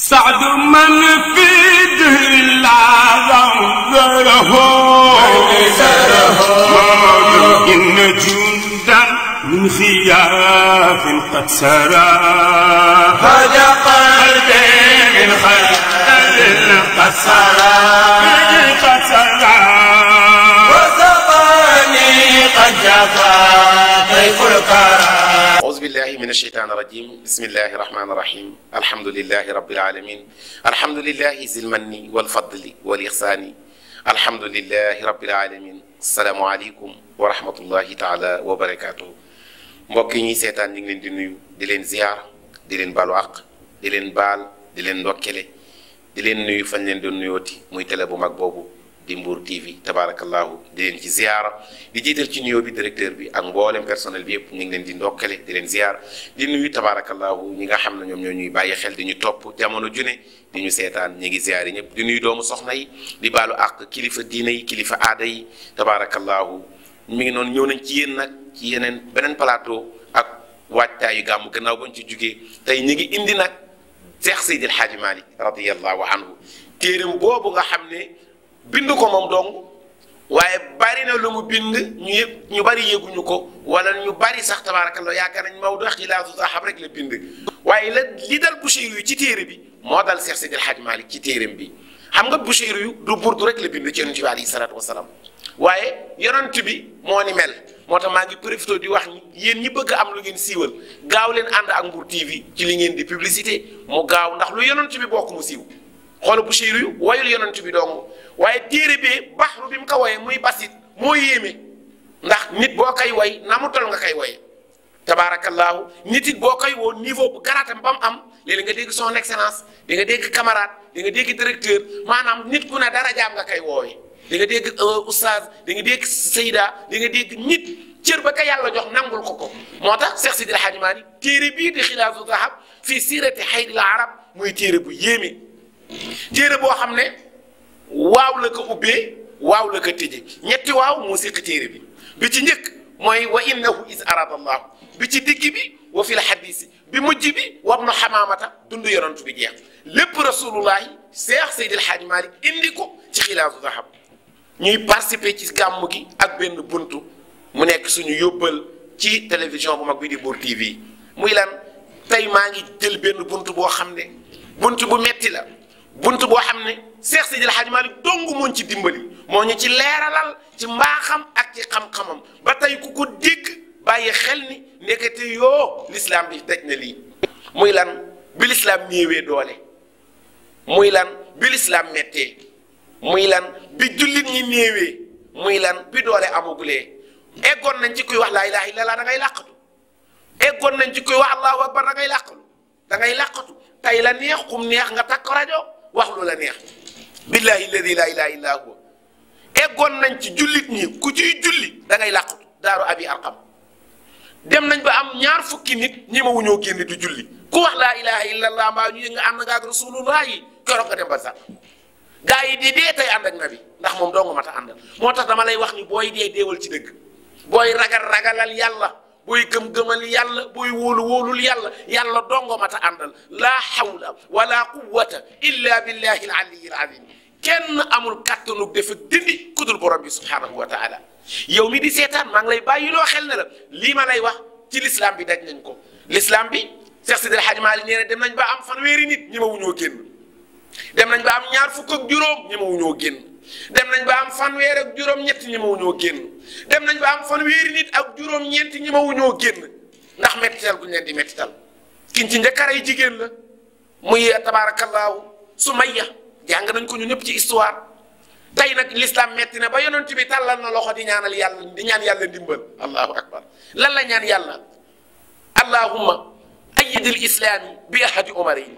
سعد من في सधु मन पीत लाऊं झूना पसर हज़न हज़न पसर पसर भॼ पुरा أعوذ بالله من الشيطان الرجيم بسم الله الرحمن الرحيم الحمد لله رب العالمين الحمد لله ذي المن والفضل والإحسان الحمد لله رب العالمين السلام عليكم ورحمة الله تعالى وبركاته مبكي ني سيتان نيغ لين دي نويو دي لين زيار دي لين بالو حق دي لين بال دي لين دوكلي دي لين نويو فان لين دون نويوتي موي تيلي بو ماك بوبو di Mbour TV tabaarakallaahu di len ci ziyaara di jital ci nuyo bi directeur bi ak mboolem personnel bi yep ñi ngi len di ndokale di len ziar di nuyu tabaarakallaahu ñi nga xamna ñom ñoy ñuy baye xel di ñu top jamono june di ñu seetaan ñi ngi ziar yi di nuyu doomu soxna yi di balu ak kilifa diina yi kilifa aada yi tabaarakallaahu mi ngi non ñëw nañ ci yéen nak ci yenen benen plateau ak yu gam gannaaw bañ ci jugee tay ñi ngi indi nak cheikh Seydil hadji Maalik radiyallahu anhu téréem boobu nga xam ne bind ko moom dong waaye bari na lu mu bind ñu yëpp ñu bari yëguñu ko wala ñu bari sax tabaarakallaa yaakaar nañ Maodo xilaatu xam rek la bind waaye la li dal Busiri yu ci téere bi moo dal Seex Seydi El Hadj ci téereem bi xam nga Busiri yu du burdu rek la bind ci yonent bi alayhi salaatu wasalaam waaye yonent bi moo ni mel moo tax maa di wax yéen ñi bëgg am lu ngeen siiwal gaaw leen ànd ak Mbour TV ci li ngeen di publicité mu gaaw ndax lu yonent bi bokk mu siiw xoolal Busiri yu wayul yonent bi dong waaye téere bi baxru bi mu ka woyee muy basit moo yéeme ndax nit boo kay woy na mu tol nga koy woyee tabaarakallaahu nit it boo kay woo niveau bu garaatam ba am léeg nga dégg son excellence di nga dégg camarade di nga dégg directeur maanaam nit ku ne dara jaam nga koy woowee di nga dégg oustaz di nga dégg sayda di nga dégg nit cër ba ka yàlla jox nangul ko ko moo tax Cheikh Sidil Hadji Malick téere bii di xilaasu zahab fii siirati xayril arab muy téere bu yéeme boo xam ne. waaw la ko ubbee waaw la ko tëjee ñetti waaw moo séq téere bi bi ci njëkk mooy wa innahu is arada allahu bi ci digg bi wa fil hadisi bi mujj bi war na xamaamata dund yonent bi jeex lépp rasulullahi seex seydil xaaj maalik indi ko ci xilaasu zahab ñuy participer ci gàmm gi ak benn buntu mu nekk suñu yóbbal ci télévision bu mag bi di Mbour TV muy lan tey maa ngi jël benn bunt boo xam ne bunt bu metti la bunt boo xam ne Seex Seydi El Hadji Malick dong mooñ ci dimbali moo ñu ci leeralal ci mbaaxam ak ci xam-xamam ba tey ku ko dégg bàyyi xel ni nekkate yoo lislaam bi daj na lii muy lan bi lislaam néewee doole muy lan bi lislaam mettee muy lan bi jullit ñi néewee muy lan bi doole amagulee eggoon nañ ci kuy wax laa ilaaha illallaah da ngay làqatu eggoon nañ ci kuy wax allahu akbar da ngay làqatu da ngay tey la neex kum neex nga takk rajo wax lu la neex billahi alladi la ilaha illa huwa eggoon nañ ci jullit ñi ku ciy julli da ngay làqutu daaru abi arqam dem nañ ba am ñaar fukki nit ñi ma wuñoo génn di julli ku wax laa ilaha illallah mbaa ñu nga ànd nga ak rasulullah yi keroog nga dem ba sax gaa yi di dee tey ànd ak nabi ndax moom doo nga mat a àndal moo tax dama lay wax ni booy dee deewal ci dëgg booy ragal ragalal yàlla booy gëm-gëmal yàlla booy wóolu wóolul yàlla yàlla doo nga mat a àndal laa hawla wala quwwata illa billahi al aliyyil azim kenn amul kàttanu dafa dindi kudul borom bi subhaanahu wa taala yow mi di seetaan maa ngi lay bàyyi loo xel ne la lii ma lay wax ci lislaam bi daj nañ ko lislaam bi Seex Sidi El Hadji Maalik nee na dem nañ ba am fan weeri nit ñi ma wuñoo génn nañ ba am ñaar ak juróom ñi génn dem nañ ba am fanweer ak juróom-ñett génn dem nañ ba am fanweeri nit ak juróom-ñeent ñi ma wuñoo génn ndax mettital gu ñu di mettital kiñ ci njëkk a jigéen la muy tabaarakallaahu Sumayya jàng nañ ko ñu ñëpp ci histoire tey nag l'islam metti na ba yonent bi tàllal na loxo di ñaanal yàlla di ñaan yàlla ndimbal allahu akbar lan la ñaan yàlla allahumma ayidil islaami bi ahadi omar yi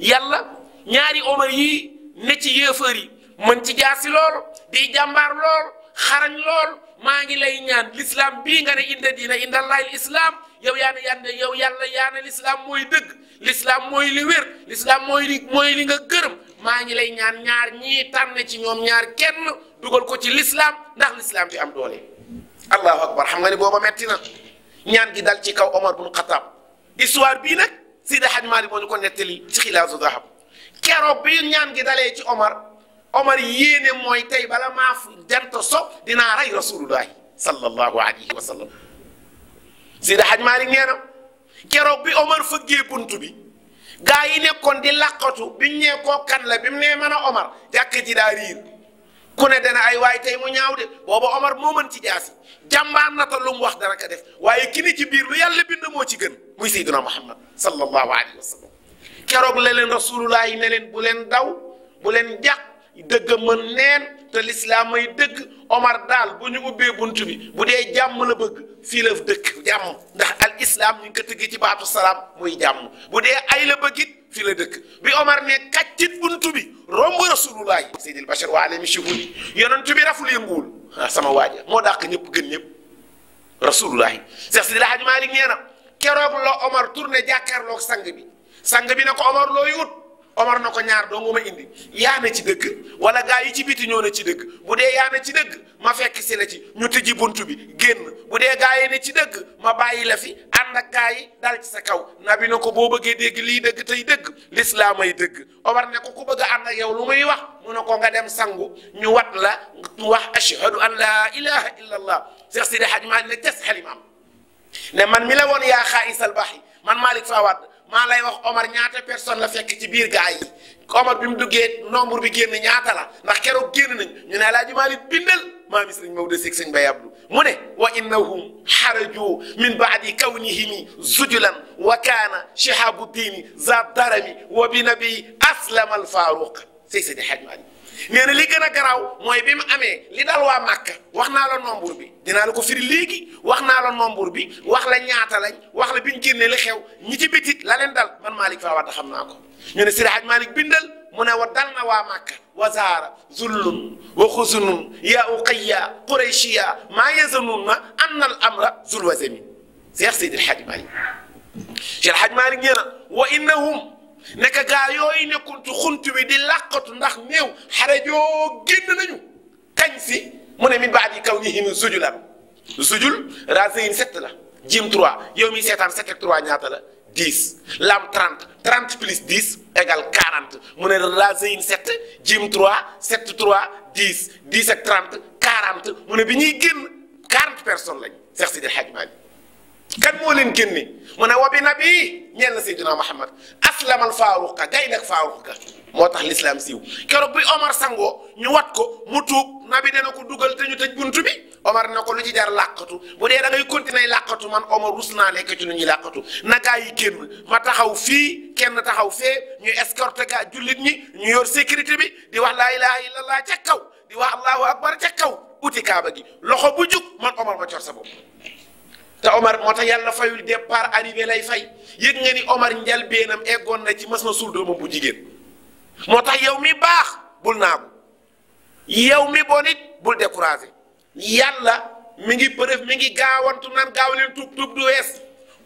yàlla ñaari omar yii ne ci yéefar yi mën ci jaasi lool di jàmbaar lool xarañ lool maa ngi lay ñaan l'islam bii nga ne inda diina inda allahi islam yow yaa ne yàlla yow yàlla yaa ne l'islam mooy dëgg l'islam mooy li wér l'islam mooy li mooy li nga gërëm maa ngi lay ñaan ñaar ñii tànn ci ñoom ñaar kenn dugal ko ci lislaam ndax lislaam bi am doole allahu akbar xam nga ni booba metti na ñaan gi dal ci kaw Omar bun Xataab histoire bii nag Seydi Hadj Malick moo ñu ko nettali ci xilaasu dahab keroog bi ñaan gi dalee ci Omar Omar yéene mooy tey bala maa fu jant so dinaa rey rasulullahi sallallahu alayhi wa sallam Seydi Hadj Malick nee na keroog bi bi. gaa yi nekkoon di làqatu biñ ñee koo kan la bi mu nee mën a Omar jàkk ji daa riir ku ne dana ay waay tey mu ñaaw de booba Omar moo mën ci jaasi jàmbaar na ta lu wax dana ko def waaye ki ni ci lu yàlla bind moo ci gën muy Seydina Muhammad sallallahu alayhi wa sallam keroog la leen rasulullah yi ne leen bu leen daw bu leen jàq dëgg mën neen te lislaam may dëgg Omar daal bu ñu ubbee bunt bu dee jàmm la bëgg fii la dëkk jàmm ndax al islam ñu ngi ko tëgg ci baatu salaam muy jàmm bu dee ay la bëggit fii la dëkk bi Omar ne kàccit bunt bi romb rasulullah seydil bachar wa alami shuhudi yonent bi raful yënguwul ah sama waaja moo dàq ñëpp gën ñëpp rasulullahi Seex Sidi Alhaji Maalik nee na keroog la Omar tourné jàkkaarloog sang bi sang bi na ko Omar looy ut Omar na ko ñaar doo ma indi yaa ne ci dëgg wala gaa yi ci biti ñoo ne ci dëgg bu dee yaa ne ci dëgg ma fekk si la ci ñu tëji bunt bi génn bu dee ni yi ne ci dëgg ma bàyyi la fi ànd ak gaa dal ci sa kaw nabi na ko boo deg li lii dëgg tey dëgg lislaam ay dëgg Omar ne ko ku bëgg a ànd ak yow lu muy wax mu ne nga dem sangu ñu wat la wax ashhadu an laa ilaha illa allah Seex Sidi Hajji ne tes halimam ne man mi la woon yaa xaayisal baxi man malik Fawad maa lay wax Omar ñaata personne la fekk ci biir gaay yi Omar bi mu duggee nombre bi génn ñaata la ndax kero génn nañ ñu ne laaji Maalik bindal maami sëriñ Maodo Seck sëñ Bay Abdu mu ne wa innahum xaraju min baadi kawnihimi zujulan wa kaana shihabu diini darami wa bi nabi aslama alfaaruq sëy sëñ Xaj Maalik nee li gëna graw moy bimu amé li dal wa Màkka waxna la nombre bi dina la ko firi léegi waxna la nombre bi wax la ñaata lañ wax la biñu ñu li xew ñi ci bitit la leen dal man malik fa wax xamna ko ñu ne Sidi Hadj Malick bindal mu ne wa dal na wa Màkka wa zara zullun wa xusunun ya uqiya quraishiya ma yazanun an al amra zulwazemi seex Sidi Hadj Malick Cheikh Hadj Malick nee wa innahum nekk gaa yooyu nekkoon ci xunt bi di tu ndax néew xare joo génn nañu kañ si mu ne min baadi kaw ni himu sujulan sujul racine sept la jim trois yow mi seetaan sept ak trois ñaata la dix lam trente trente plus dix égale quarante mu ne racine sept jim trois sept trois dix dix ak trente quarante mu ne bi ñuy génn quarante personnes lañ Seex Sidi El Hadji Maalik كان مولين كني من هو بنبي نيل سيدنا محمد اسلم الفاروق دينك فاروق موتاخ الاسلام سيو كربي عمر سانغو ني واتكو نبي نانكو دوغال تانيو تاج تبي بي عمر نكو لو جار لاقاتو بودي داغي كونتيناي لاقاتو مان عمر رسنا ليك تي نوني لاقاتو نغاي كينو في كين تخاو في ني اسكورتا كا جوليت ني يور سيكوريتي تبي دي واخ لا اله الا الله تاكاو دي واخ اكبر تاكاو اوتي كابا جي لوخو بوجوك مان عمر ما تشور te Omar moo tax yàlla fayul départ arrivé lay fay yëg nga ni Omar njalbeenam eggoon na ci mas na suul doomam bu jigéen moo tax yow mi baax bul naagu yow mi bon it bul découragé yàlla mi ngi bërëf mi ngi gaawantu nan gaaw leen tuub tuub du wees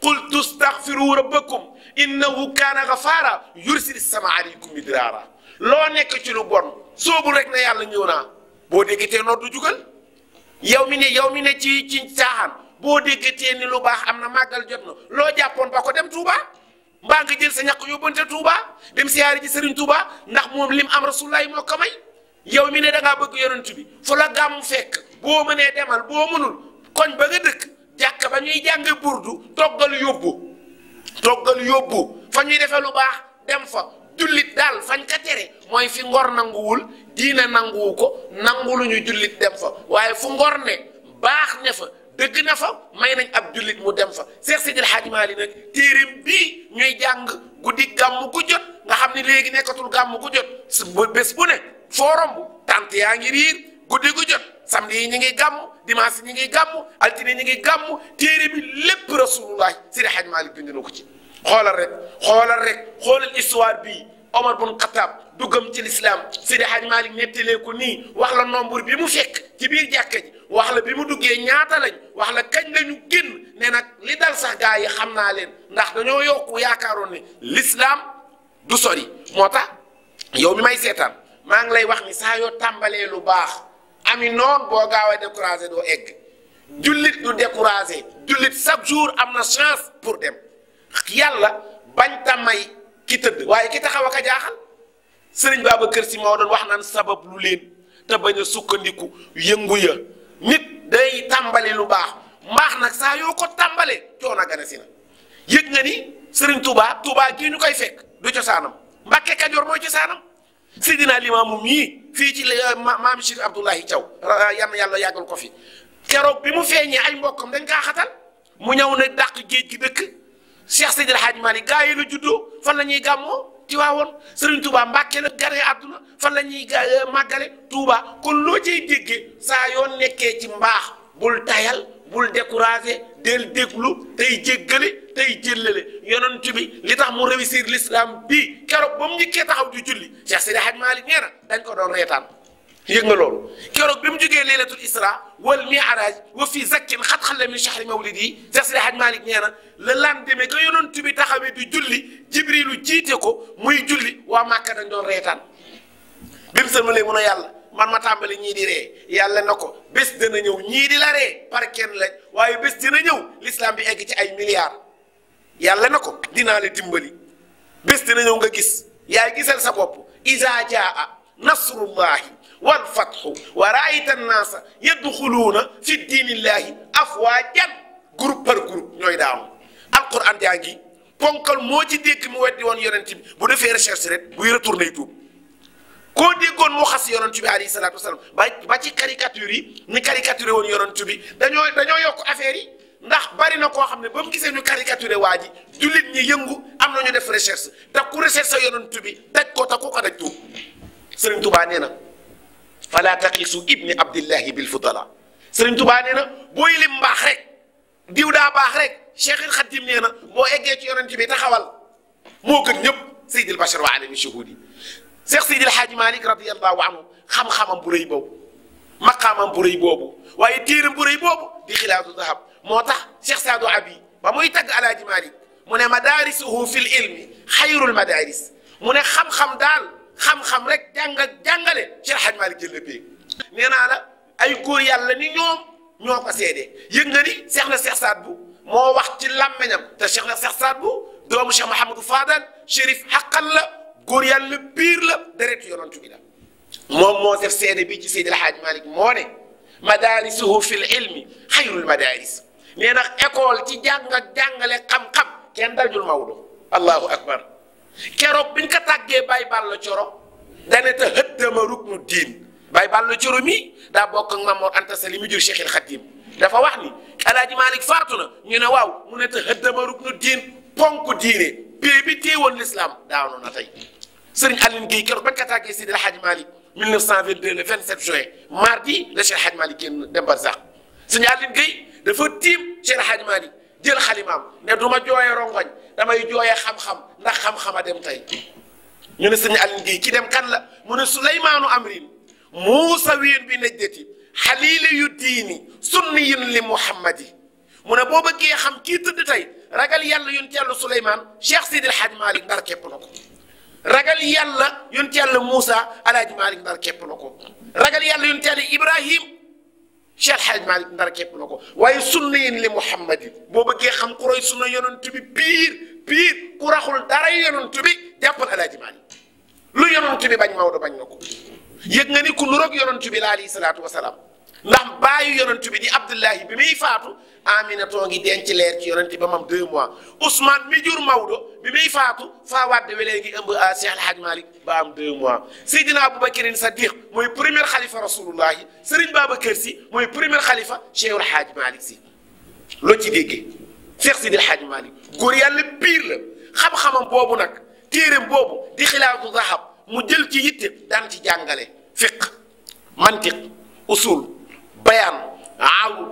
qul tustaghfiru rabbakum innahu kaana ghafaara yursil sama aleykum midraara loo nekk ci lu bon soobu rek na yàlla ñëw naa boo dégg tee noor jugal yow mi ne yow mi ne ci ci caaxaan boo déggatee ni lu baax am na màggal jot na loo jàppoon ba ko dem Touba mbaa nga jël sa ñàkk yóbbante Touba dem siyaare ji Serigne Touba ndax moom lim am rasulullaay moo ko may yow mi ne dangaa bëgg yonent bi fu la gàmm fekk boo mënee demal boo mënul koñ ba nga dëkk jàkk ba ñuy jànge burdu toggal yóbbu toggal yóbbu fa ñuy defee lu baax dem fa jullit daal fañ ka tere mooy fi ngor nanguwul diina nanguwu ko nangulu ñu jullit dem fa waaye fu ngor ne baax dëgg na fa may nañ ab jullit mu dem fa Seex Sidil Haaji Maalik nag téeréem bii ñuy jàng guddi gàmm gu jot nga xam ne léegi nekkatul gàmm gu jot su bés bu ne foo romb tant yaa ngi riir guddi gu jot samedi yi ñu ngi gàmm dimanche yi ñu ngi gàmm altine ngi gàmm téere bi lépp rasulullah Sidil Haaji Maalik bind na ko ci xoolal rek xoolal rek xoolal histoire bii Omar bun du gëm ci lislaam Sidi Haj Malik nettalee ko nii wax la nombre bi mu fekk ci biir jàkka ji wax la bi mu duggee ñaata lañ wax la kañ lañu génn ne nag li dal sax gaa yi xam naa leen ndax dañoo yokku yaakaaroon ne lislaam du sori moo tax yow mi may seetaan maa ngi lay wax ni saa yoo tàmbalee lu baax ami noon boo gaaw a découragé doo egg jullit du découragé jullit chaque jour am na chance pour dem yàlla bañ ta may ki tëdd waaye ki taxaw ak a jaaxal sëriñ kër Si moo doon wax naan sabab lu leen te bañ a sukkandiku yëngu ya nit day tàmbali lu baax mbaax nag saa yoo ko tàmbalee coono gane si na yëg nga ni Serigne Touba Touba gii ñu koy fekk du cosaanam Mbàkke Kajoor mooy cosaanam Sidina Limaamu mii fii ci euh, maam Cheikh Abdoulahi Thiaw euh, yal na yàlla yàggal ko fi keroog bi mu feeñee ay mbokkam dañ kaa xatal mu ñëw ne dàq géej gi dëkk Cheikh Sidil Hadj Malick ni yi la juddoo fan la ñuy gàmmoo. ci Tiwaawoon Serigne Touba Mbàkke la gane àdduna fan la ñuy euh, màggale Touba kon loo cay déggee saa yoon nekkee ci mbaax bul tayal bul découragé del déglu tey jéggale tey jëllale yonent tubi li tax mu réussir l'islam bii keroog ba mu njëkkee taxaw di julli Cheikh Sidi Hadj Malick nee na dañ ko doon reetaan. يغنى لول كيروك بيم جوغي ليله الاسراء والمعراج وفي زك خط خلى من شهر مولدي تسري حاج مالك نينا لا لان ديمي كو يونتو بي تاخاوي دي جولي جبريل جيتيكو موي جولي وا ماكا دون ريتان بيم سمالي مونا يالا man ma tambali ñi di re yalla nako bes dana ñew ñi di la re par ken la waye bes dina ñew l'islam bi egg ci ay milliards yalla nako dina la dimbali bes dina ñew nga gis yaay gisal sa bop iza jaa نصر الله والفتح ورأيت الناس يدخلون في الدين الله أفواجا groupe par groupe ñooy daanu alquran yaa ngi ponkal moo ci dégg mu weddi woon yonent bi bu defee recherche rek buy retourné tuub koo déggoon mu xas yonent bi alayhi salaatu wasalaam ba ba ci caricature yi ñu caricature woon yonent bi dañoo dañoo yokk affaire yi ndax bari na koo xam ne ba mu gisee ñu caricature waa ji jullit ñi yëngu am na ñu def recherche te ku recherche yonent bi daj ko te ku ko daj tuub سرين توبا نينا فلا تقيسوا ابن عبد الله بالفضلاء سرين توبا نينا بوي لي مباخ رك ديو دا باخ رك شيخ الخديم نينا بو ايغي تي يونتي بي تاخوال مو كن نيب سيد البشر وعالم الشهودي شيخ سيد الحاج مالك رضي الله عنه خم خم بو ري بوب مقام بو ري بوب واي تير بو ري بوب دي خلاف ذهب موتاخ شيخ سعد ابي با موي تاغ على مالك من مدارسه في العلم خير المدارس من خم خم دال xam-xam rek jàngal jàngale ci xaj Malick Diène bi nee naa la ay góor yàlla ni ñoom ñoo ko seedee yëg nga ni Cheikh na Cheikh Saad bu moo wax ci làmmeñam te Cheikh na Cheikh Saad bu doomu Cheikh Mouhamadou Fadal Chérif xaqal la góor yàlla biir la deretu yonantu bi la moom moo def seede bi ci Seydi El Hadj Malick moo ne madaarisuhu fil ilmi xayrul madaris nee na école ci jàng ak jàngale xam-xam kenn dajul mawdu allahu akbar keroog biñ ko tàggee Baye Balla Coro dane te hëddama ruknu diin Baye Balla Coro mi daa bokk ak Mamoor Anta Sali mu jur Cheikhil Khadim dafa wax ni El Hadj Malick faatu na ñu ne waaw mu ne te hëddama ruknu diin ponk diine bee bi téewoon l'islam daanu na tey Serigne Aline Gueye keroog bañ ko tàggee Seydi El Hadj vingt 1922 le 27 juin mardi la Cheikh Hadj Malick génn dem Barzakh Serigne Aline Gueye dafa tiim Cheikh Hadj Malick jël xalimaam ne du ma jooyee rongoñ damay joye xam-xam ndax xam-xam dem tay ñu ne sëñ Alioune Guèye ki dem kan la mu ne sulaymanu Amrin musa wiin bi nejjeti halil yu diini sunniyin li Muhammadi mu ne bo bëggee xam ki tudd tay ragal yàlla yun tellu sulayman Cheikh Sidi El Hadj malik ndar kep na ragal yàlla yun tellu musa El Hadj malik ndar kep na ragal yàlla yun tellu Ibrahim Cheikh El Hadj malik ndar kep na ko sunniyin li Muhammadi bo bëggee xam ku sunna yonent bi piir bii ku raxul dara yonent bi jàppal alaaji maali lu yonent bi bañ Maodo bañ na ko yëg nga ni ku nuroog yonent bi la alayhi salaatu wasalaam ndax baayu yonent bi di Abdullahi bi muy faatu Aminatoo ngi denc leer ci yonent ba mam deux mois Ousmane mi jur Maodo bi muy faatu faa wàdde welee ngi ëmb a Cheikh Alhaaj Malick ba am deux mois Seydina Aboubakirin Sadiq mooy premier xalifa rasulullahi Serigne Babacar si mooy premier xalifa Cheikh Alhaaj Malick si loo ci déggee Cheikh Sidi El Hadj Malick góor yàlla biir la xam-xamam boobu nag téereem boobu di xilaatu zahab mu jël ci yitte daan ci jàngale fiq mantiq usul bayan aawu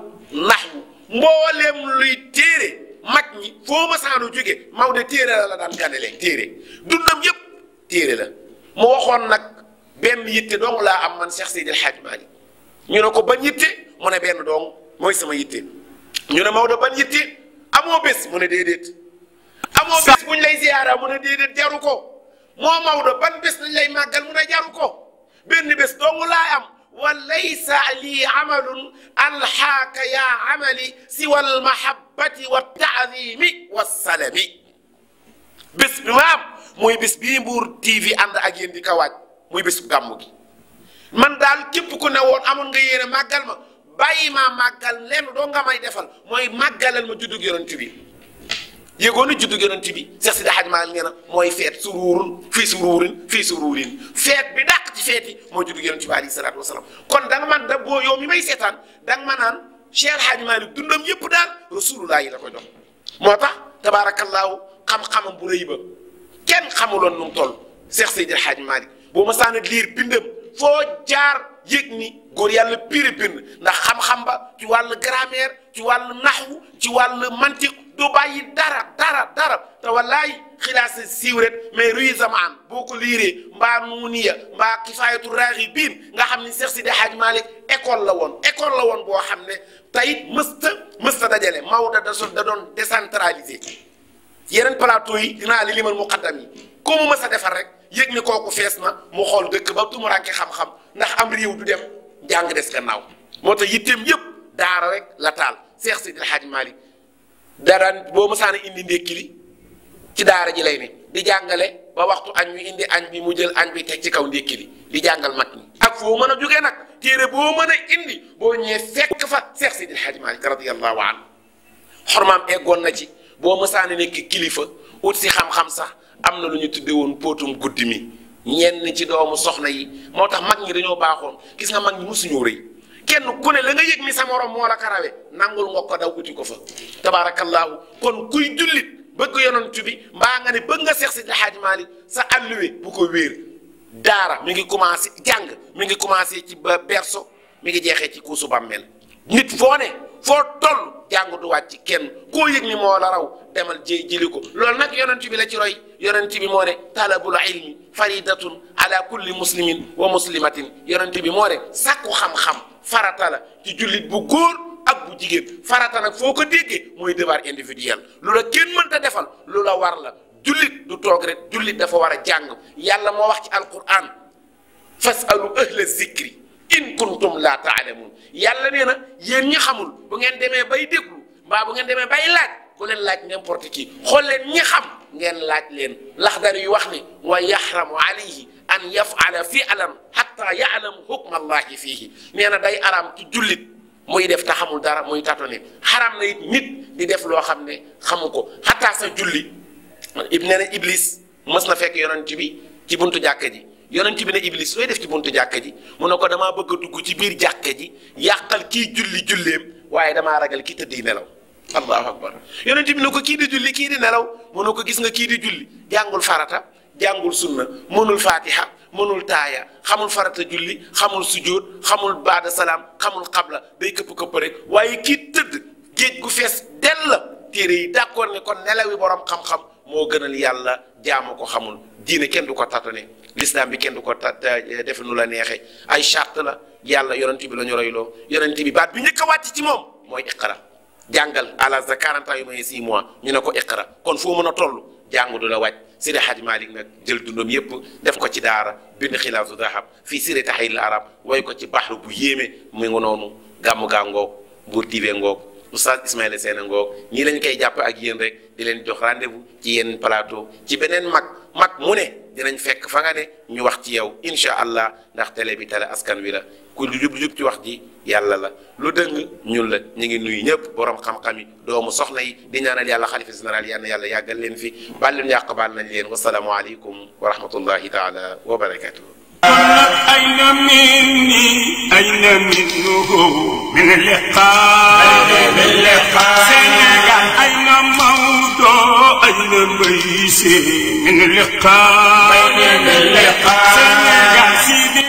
naxwu mbooleem luy téere mag ñi foo ma saanu jóge Maodo téere la la daan jàngale téere dundam yépp téere la mu waxoon nag benn yitte dong laa am man Cheikh Sidi Hadj Malick ñu ne ko ban yitte mu ne benn dong mooy sama yitte ñu ne Maodo ban yitte amoo bés mu ne déedéet. amoo bés bu ñu lay ziyaara mu ne déedéet jaru ko moo Maodo ban bés lañ lay màggal mu ne jaru ko benn bés dong laa am. wa laysa lii amalun alxaaka ya amali siwa almahabbati wa taadimi bés bi ma am mooy bés bii Mbour TV ànd ak yéen di ko waaj muy bésu gàmmu gi man daal képp ku ne woon amoon nga yéene màggal ma bàyyi maa màggal lenn doo nga may defal mooy màggalal ma juddug yonent bi yëgoon na juddug yonent bi Seex Sidi Hajji Maalik nee na mooy feet su fii suruurin fii suruurin feet bi dàq ci feet yi mooy juddug yonent bi alayhi salaatu wasalaam kon da man da boo yow mi may seetaan da nga ma naan Cheikh Hajji Maalik dundam yëpp daal rasulullah yi la koy dox moo tax tabaarakallaahu xam-xamam bu rëy ba kenn xamuloon nu mu toll Seex Seydi Hajji Maalik boo ma saan liir bindam foo jaar yëg gor yàlla pire pire ndax xam-xam ba ci walu grammaire ci walu nahwu ci walu mantiq du bàyyi dara dara dara taw wallahi khilas siwret mais ruy zaman boko lire mba nuniya mba kifayatu raghibin nga xamni cheikh Sidi hadj malik école la won école la won bo xamne ne musta musta dajale Maodo da son da don décentraliser yeneen plateau yi dina li limal muqaddam yi ko mu mës a defar rek. yëg ne kooku fees na mu xool dëkk ba tumuraanke xam-xam ndax am réew du dem jàng des gannaaw moo tax yitteem yëpp daara rek la taal Seex Sidil Hajj Malik daraan boo mësaana indi ndékki li ci daara ji lay ne di jàngale ba waxtu añ wi indi añ bi mu jël añ bi ci kaw ndékki li di jàngal mag ñi ak mën a jógee nag téere boo mën a indi boo ñëwee fekk fa Seex Sidil Hajj Malik radiyallahu anhu xormaam eggoon na ci boo mësaana nekk kilifa ut si xam-xam sax am na lu ñu tudde woon póotum guddi mi ñenn ci doomu soxna yi moo tax mag ñi dañoo baaxoon gis nga mag ñi musuñu rëy kenn ku ne la nga yëg ni sa morom moo la karawe nangul nga ko daw uti ko fa tabaarakallaahu kon kuy jullit bëgg yenoon tubi mbaa nga ne bëgg nga seex si Alxaaji Maalik sa alluwe bu ko wéer daara mi ngi commencé jàng mi ngi commencé ci ba berso mi ngi jeexee ci kuusu bàmmeel nit foo ne foo toll jàng du wàcc ci kenn koo yëg ni moo la raw demal jëy jëli ko loolu nag yonent bi la ci roy yonent bi moo ne talabul ilmi faridatun ala kulli muslimin wa muslimatin yonent bi moo ne sàkku xam-xam farata la ci jullit bu góor ak bu jigéen farata nag foo ko déggee mooy devoir individuel lu la kenn mënta defal lu la war la jullit du toog rek jullit dafa war a jàng yàlla moo wax ci alquran fasalu ahla zikri in kuntum laa taalamun yàlla nee na yéen ñi xamul bu ngeen demee bay déglu mbaa bu ngeen demee bay laaj ku leen laaj n'importe qui xool leen ñi xam ngeen laaj leen lax laxdari yu wax ni wa yaxramu alayhi an yafala fi alam xatta yaalam hukma allahi fiihi nee na day araam ci jullit muy def te xamul dara muy tâtonner xaraam na it nit di def loo xam ne xamu ko xataa sa julli ib nee na iblis mës na fekk ci bi ci buntu jàkka ji yonent bi ne iblis sooy def ci buntu jàkka ji mu ne ko damaa bëgg a dugg ci biir jàkka ji yàqal kii julli julleem waaye damaa ragal ki tëdd yi nelaw allahu akbar yonent bi ne ko kii di julli kii di nelaw mu ne ko gis nga kii di julli jàngul farata jàngul sunna mënul faatiha mënul taaya xamul farata julli xamul sujjóot xamul baada salaam xamul xabla day këpp këpp rek waaye kii tëdd géej gu fees dell téere yi d'accord ne kon nelawi borom xam-xam moo gënal yàlla jaamu ko xamul diine kenn du ko ne l'islam bi kenn du ko tat eh, def nu la neexe ay charte la yàlla yonent bi la ñu royloo yonent bi baat bi ñëkk a wàcc ci moom mooy iqra jàngal à l'âge de 40 ans yu may six mois ñu ne ko iqra kon foo mën a toll jàng du la wàcc Sidi xaj Malick nag jël dundam yépp def ko ci daara bind xilaasu dahab fii sire tahil arab way ko ci baxru bu yéeme mu ngi noonu gàmmu gaa ngoog buur diwee ngoog oustaz Ismaïla Sène ngoog ñii lañ koy jàpp ak yéen rek di leen jox rendez-vous ci yenn plateau ci beneen mag mag mu ne dinañ fekk fa nga ne ñu wax ci yow incha allah ndax télé bi télé askan wi la ku jub jub ci wax ji yàlla la lu dëng ñun la ñu ngi nuyu ñëpp borom xam-xam yi doomu soxna yi di ñaanal yàlla xalifa général yal na yàlla yàggal leen fi baal leen yàq baal nañ leen wa wasalaamualeykum wa rahmatullahi taala wa barakatuh أين مني أين منه من اللقاء من اللقاء سنغال أين موضوع أين ميسي من اللقاء من اللقاء سنغال سيدي